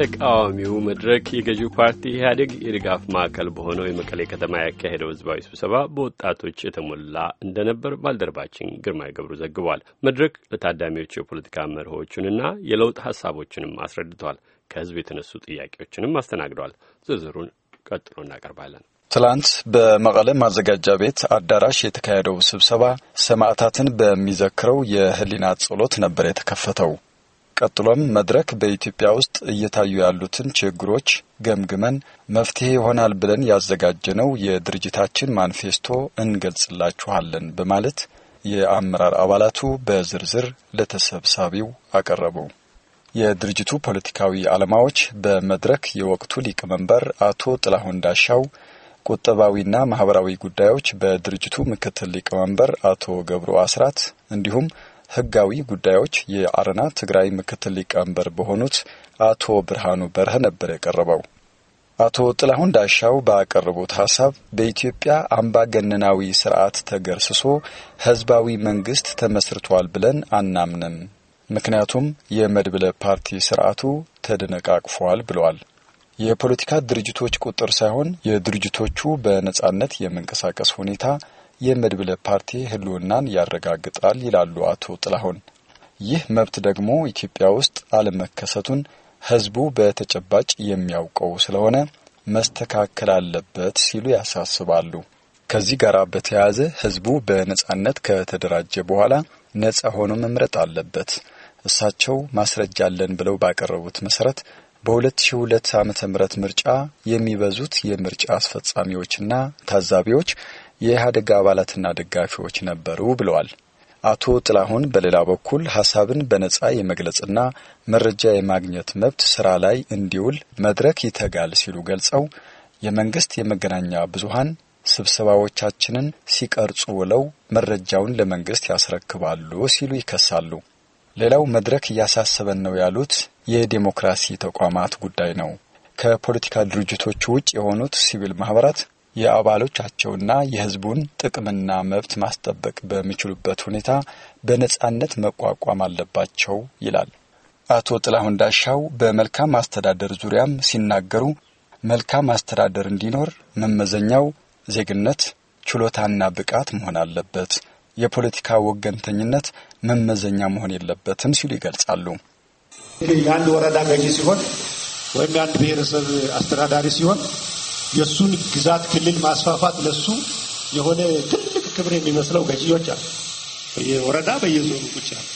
ተቃዋሚው መድረክ የገዢው ፓርቲ ኢህአዴግ የድጋፍ ማዕከል በሆነው የመቀሌ ከተማ ያካሄደው ህዝባዊ ስብሰባ በወጣቶች የተሞላ እንደነበር ባልደረባችን ግርማ ገብሩ ዘግቧል። መድረክ ለታዳሚዎች የፖለቲካ መርሆዎቹንና የለውጥ ሀሳቦችንም አስረድቷል። ከህዝብ የተነሱ ጥያቄዎችንም አስተናግደዋል። ዝርዝሩን ቀጥሎ እናቀርባለን። ትላንት በመቀለ ማዘጋጃ ቤት አዳራሽ የተካሄደው ስብሰባ ሰማዕታትን በሚዘክረው የህሊና ጸሎት ነበር የተከፈተው። ቀጥሎም መድረክ በኢትዮጵያ ውስጥ እየታዩ ያሉትን ችግሮች ገምግመን መፍትሄ ይሆናል ብለን ያዘጋጀነው የድርጅታችን ማኒፌስቶ እንገልጽላችኋለን በማለት የአመራር አባላቱ በዝርዝር ለተሰብሳቢው አቀረቡ። የድርጅቱ ፖለቲካዊ ዓላማዎች በመድረክ የወቅቱ ሊቀመንበር አቶ ጥላሁን ዳሻው ቁጠባዊና ማህበራዊ ጉዳዮች በድርጅቱ ምክትል ሊቀመንበር አቶ ገብሩ አስራት እንዲሁም ህጋዊ ጉዳዮች የአረና ትግራይ ምክትል ሊቀመንበር በሆኑት አቶ ብርሃኑ በርህ ነበር የቀረበው። አቶ ጥላሁን ዳሻው ባቀረቡት ሀሳብ በኢትዮጵያ አምባገነናዊ ስርዓት ተገርስሶ ህዝባዊ መንግስት ተመስርቷል ብለን አናምንም፣ ምክንያቱም የመድብለ ፓርቲ ስርዓቱ ተደነቃቅፏል ብለዋል። የፖለቲካ ድርጅቶች ቁጥር ሳይሆን የድርጅቶቹ በነጻነት የመንቀሳቀስ ሁኔታ የመድብለ ፓርቲ ህልውናን ያረጋግጣል ይላሉ አቶ ጥላሁን። ይህ መብት ደግሞ ኢትዮጵያ ውስጥ አለመከሰቱን ህዝቡ በተጨባጭ የሚያውቀው ስለሆነ መስተካከል አለበት ሲሉ ያሳስባሉ። ከዚህ ጋር በተያያዘ ህዝቡ በነጻነት ከተደራጀ በኋላ ነጻ ሆኖ መምረጥ አለበት። እሳቸው ማስረጃ አለን ብለው ባቀረቡት መሰረት በ2002 ዓ.ም ምርጫ የሚበዙት የምርጫ አስፈጻሚዎችና ታዛቢዎች የኢህአዴግ አባላትና ደጋፊዎች ነበሩ ብለዋል። አቶ ጥላሁን በሌላ በኩል ሀሳብን በነጻ የመግለጽና መረጃ የማግኘት መብት ስራ ላይ እንዲውል መድረክ ይተጋል ሲሉ ገልጸው የመንግስት የመገናኛ ብዙሃን ስብሰባዎቻችንን ሲቀርጹ ውለው መረጃውን ለመንግስት ያስረክባሉ ሲሉ ይከሳሉ። ሌላው መድረክ እያሳሰበን ነው ያሉት የዲሞክራሲ ተቋማት ጉዳይ ነው። ከፖለቲካ ድርጅቶቹ ውጭ የሆኑት ሲቪል ማህበራት የአባሎቻቸውና የሕዝቡን ጥቅምና መብት ማስጠበቅ በሚችሉበት ሁኔታ በነጻነት መቋቋም አለባቸው ይላል። አቶ ጥላሁን ዳሻው በመልካም አስተዳደር ዙሪያም ሲናገሩ መልካም አስተዳደር እንዲኖር መመዘኛው ዜግነት፣ ችሎታና ብቃት መሆን አለበት። የፖለቲካ ወገንተኝነት መመዘኛ መሆን የለበትም ሲሉ ይገልጻሉ። የአንድ ወረዳ ገዢ ሲሆን ወይም የአንድ ብሔረሰብ አስተዳዳሪ ሲሆን የእሱን ግዛት ክልል ማስፋፋት ለሱ የሆነ ትልቅ ክብር የሚመስለው ገዢዎች አሉ። በየወረዳ በየዞኑ ብቻ ያሉ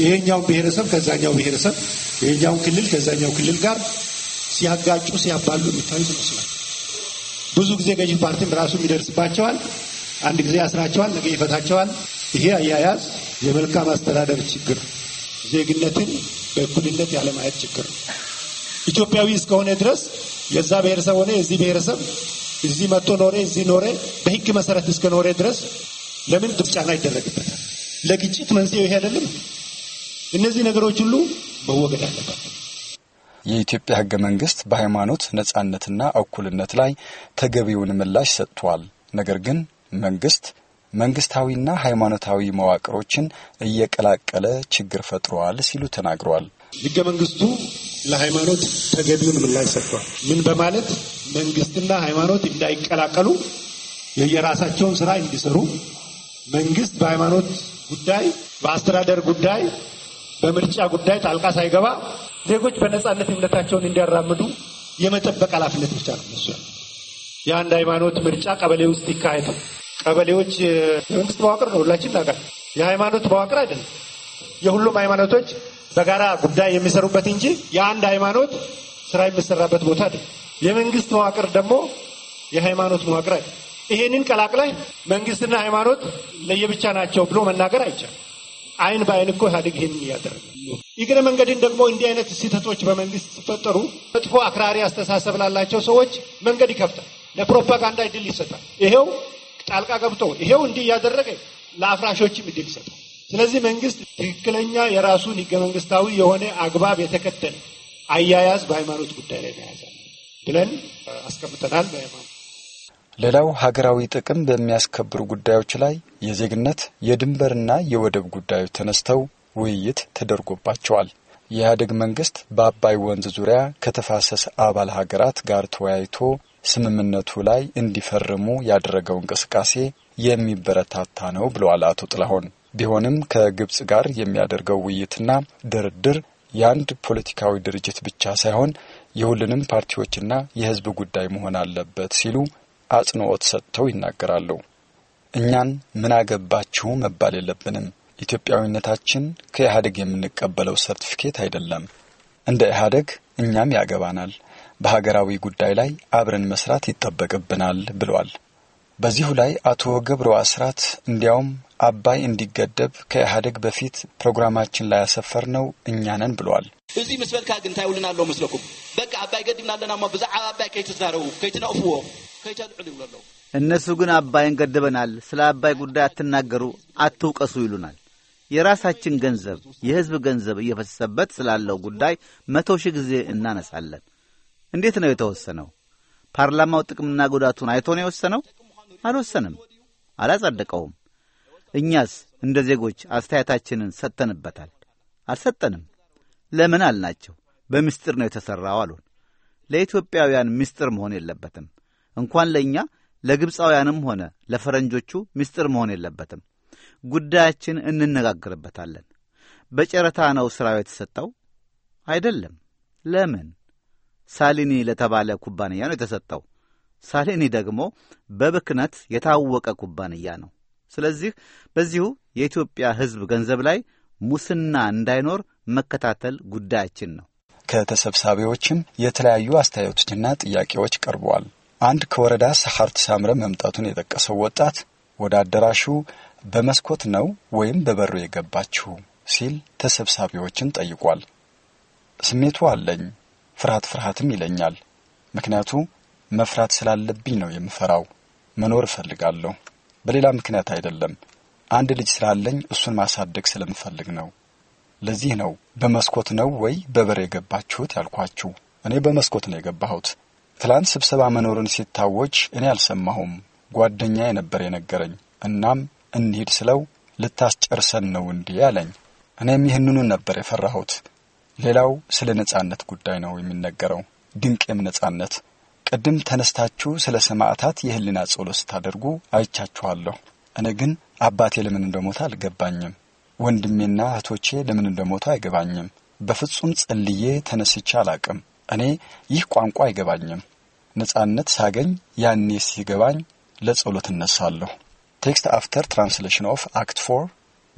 ይሄኛውን ብሔረሰብ ከዛኛው ብሔረሰብ ይሄኛውን ክልል ከዛኛው ክልል ጋር ሲያጋጩ ሲያባሉ የሚታዩት ይመስላል። ብዙ ጊዜ ገዢ ፓርቲም ራሱ ይደርስባቸዋል። አንድ ጊዜ ያስራቸዋል፣ ነገ ይፈታቸዋል። ይሄ አያያዝ የመልካም አስተዳደር ችግር፣ ዜግነትን በእኩልነት ያለማየት ችግር ኢትዮጵያዊ እስከሆነ ድረስ የዛ ብሔረሰብ ሆነ የዚህ ብሔረሰብ እዚህ መጥቶ ኖሬ እዚህ ኖሬ በህግ መሰረት እስከ ኖረ ድረስ ለምን ጫና ይደረግበታል? ለግጭት መንስኤው ይሄ አይደለም። እነዚህ ነገሮች ሁሉ መወገድ አለባቸው። የኢትዮጵያ ህገ መንግስት በሃይማኖት ነጻነትና እኩልነት ላይ ተገቢውን ምላሽ ሰጥቷል። ነገር ግን መንግስት መንግስታዊና ሃይማኖታዊ መዋቅሮችን እየቀላቀለ ችግር ፈጥሯል ሲሉ ተናግሯል። ህገ መንግስቱ ለሃይማኖት ተገቢውን ምላሽ ሰጥቷል። ምን በማለት መንግስትና ሃይማኖት እንዳይቀላቀሉ የየራሳቸውን ስራ እንዲሰሩ መንግስት በሃይማኖት ጉዳይ፣ በአስተዳደር ጉዳይ፣ በምርጫ ጉዳይ ጣልቃ ሳይገባ ዜጎች በነጻነት እምነታቸውን እንዲያራምዱ የመጠበቅ ኃላፊነት ብቻ ነው እነሱ የአንድ ሃይማኖት ምርጫ ቀበሌ ውስጥ ይካሄድ። ቀበሌዎች የመንግስት መዋቅር ነው፣ ሁላችን እናውቃለን። የሃይማኖት መዋቅር አይደለም። የሁሉም ሃይማኖቶች በጋራ ጉዳይ የሚሰሩበት እንጂ የአንድ ሃይማኖት ስራ የሚሰራበት ቦታ አይደለም። የመንግስት መዋቅር ደግሞ የሃይማኖት መዋቅር አይደለም። ይሄንን ቀላቅለህ መንግስትና ሃይማኖት ለየብቻ ናቸው ብሎ መናገር አይቻልም። አይን በአይን እኮ ኢህአዴግ ይህን እያደረገ እግረ መንገድን ደግሞ እንዲህ አይነት ስህተቶች በመንግስት ሲፈጠሩ መጥፎ አክራሪ አስተሳሰብ ላላቸው ሰዎች መንገድ ይከፍታል፣ ለፕሮፓጋንዳ እድል ይሰጣል። ይሄው ጣልቃ ገብቶ ይሄው እንዲህ እያደረገ ለአፍራሾችም እድል ይሰጣል። ስለዚህ መንግስት ትክክለኛ የራሱን ህገ መንግስታዊ የሆነ አግባብ የተከተለ አያያዝ በሃይማኖት ጉዳይ ላይ መያዝ ብለን አስቀምጠናል። በሃይማኖት ሌላው ሀገራዊ ጥቅም በሚያስከብሩ ጉዳዮች ላይ የዜግነት የድንበርና የወደብ ጉዳዮች ተነስተው ውይይት ተደርጎባቸዋል። የኢህአዴግ መንግስት በአባይ ወንዝ ዙሪያ ከተፋሰስ አባል ሀገራት ጋር ተወያይቶ ስምምነቱ ላይ እንዲፈርሙ ያደረገው እንቅስቃሴ የሚበረታታ ነው ብለዋል አቶ ጥላሁን። ቢሆንም ከግብጽ ጋር የሚያደርገው ውይይትና ድርድር የአንድ ፖለቲካዊ ድርጅት ብቻ ሳይሆን የሁሉንም ፓርቲዎችና የሕዝብ ጉዳይ መሆን አለበት ሲሉ አጽንኦት ሰጥተው ይናገራሉ። እኛን ምን አገባችሁ መባል የለብንም። ኢትዮጵያዊነታችን ከኢህአዴግ የምንቀበለው ሰርቲፊኬት አይደለም። እንደ ኢህአዴግ እኛም ያገባናል። በሀገራዊ ጉዳይ ላይ አብረን መስራት ይጠበቅብናል ብሏል። በዚሁ ላይ አቶ ገብሩ አስራት እንዲያውም አባይ እንዲገደብ ከኢህአዴግ በፊት ፕሮግራማችን ላይ ያሰፈር ነው እኛ ነን ብለዋል። እዚህ ምስ በልካ ግን እንታይ ውልና ኣለው መስለኩም በቃ አባይ ገዲምና ኣለና እሞ ብዛዕባ አባይ ከይትዛረቡ ከይትነቕፍዎ ከይተልዕሉ ይብሉ ኣለዉ። እነሱ ግን አባይን ገድበናል፣ ስለ አባይ ጉዳይ አትናገሩ፣ አትውቀሱ ይሉናል። የራሳችን ገንዘብ የህዝብ ገንዘብ እየፈሰሰበት ስላለው ጉዳይ መቶ ሺህ ጊዜ እናነሳለን። እንዴት ነው የተወሰነው? ፓርላማው ጥቅምና ጉዳቱን አይቶ ነው የወሰነው? አልወሰንም፣ አላጸደቀውም። እኛስ እንደ ዜጎች አስተያየታችንን ሰጥተንበታል? አልሰጠንም። ለምን አልናቸው። በምስጢር ነው የተሠራው አሉን። ለኢትዮጵያውያን ምስጢር መሆን የለበትም። እንኳን ለእኛ ለግብፃውያንም ሆነ ለፈረንጆቹ ምስጢር መሆን የለበትም። ጉዳያችን እንነጋግርበታለን። በጨረታ ነው ሥራው የተሰጠው? አይደለም። ለምን? ሳሊኒ ለተባለ ኩባንያ ነው የተሰጠው። ሳሊኒ ደግሞ በብክነት የታወቀ ኩባንያ ነው። ስለዚህ በዚሁ የኢትዮጵያ ሕዝብ ገንዘብ ላይ ሙስና እንዳይኖር መከታተል ጉዳያችን ነው። ከተሰብሳቢዎችም የተለያዩ አስተያየቶችና ጥያቄዎች ቀርበዋል። አንድ ከወረዳ ሰሐርት ሳምረ መምጣቱን የጠቀሰው ወጣት ወደ አዳራሹ በመስኮት ነው ወይም በበሩ የገባችሁ ሲል ተሰብሳቢዎችን ጠይቋል። ስሜቱ አለኝ፣ ፍርሃት ፍርሃትም ይለኛል። ምክንያቱ መፍራት ስላለብኝ ነው የምፈራው። መኖር እፈልጋለሁ። በሌላ ምክንያት አይደለም። አንድ ልጅ ስላለኝ እሱን ማሳደግ ስለምፈልግ ነው። ለዚህ ነው በመስኮት ነው ወይ በበር የገባችሁት ያልኳችሁ። እኔ በመስኮት ነው የገባሁት። ትላንት ስብሰባ መኖርን ሲታወጅ እኔ አልሰማሁም። ጓደኛ የነበር የነገረኝ። እናም እንሂድ ስለው ልታስጨርሰን ነው እንዲህ አለኝ። እኔም ይህንኑ ነበር የፈራሁት። ሌላው ስለ ነጻነት ጉዳይ ነው የሚነገረው። ድንቅም ነጻነት ቀድም ተነስታችሁ ስለ ሰማዕታት የህሊና ጸሎት ስታደርጉ አይቻችኋለሁ። እኔ ግን አባቴ ለምን እንደሞተ አልገባኝም። ወንድሜና እህቶቼ ለምን እንደሞቱ አይገባኝም። በፍጹም ጸልዬ ተነስቼ አላቅም። እኔ ይህ ቋንቋ አይገባኝም። ነጻነት ሳገኝ ያኔ ሲገባኝ ለጸሎት እነሳለሁ። ቴክስት አፍተር ትራንስሌሽን ኦፍ አክት ፎር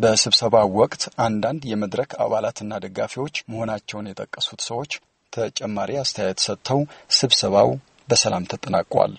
በስብሰባው ወቅት አንዳንድ የመድረክ አባላትና ደጋፊዎች መሆናቸውን የጠቀሱት ሰዎች ተጨማሪ አስተያየት ሰጥተው ስብሰባው በሰላም ተጠናቋል።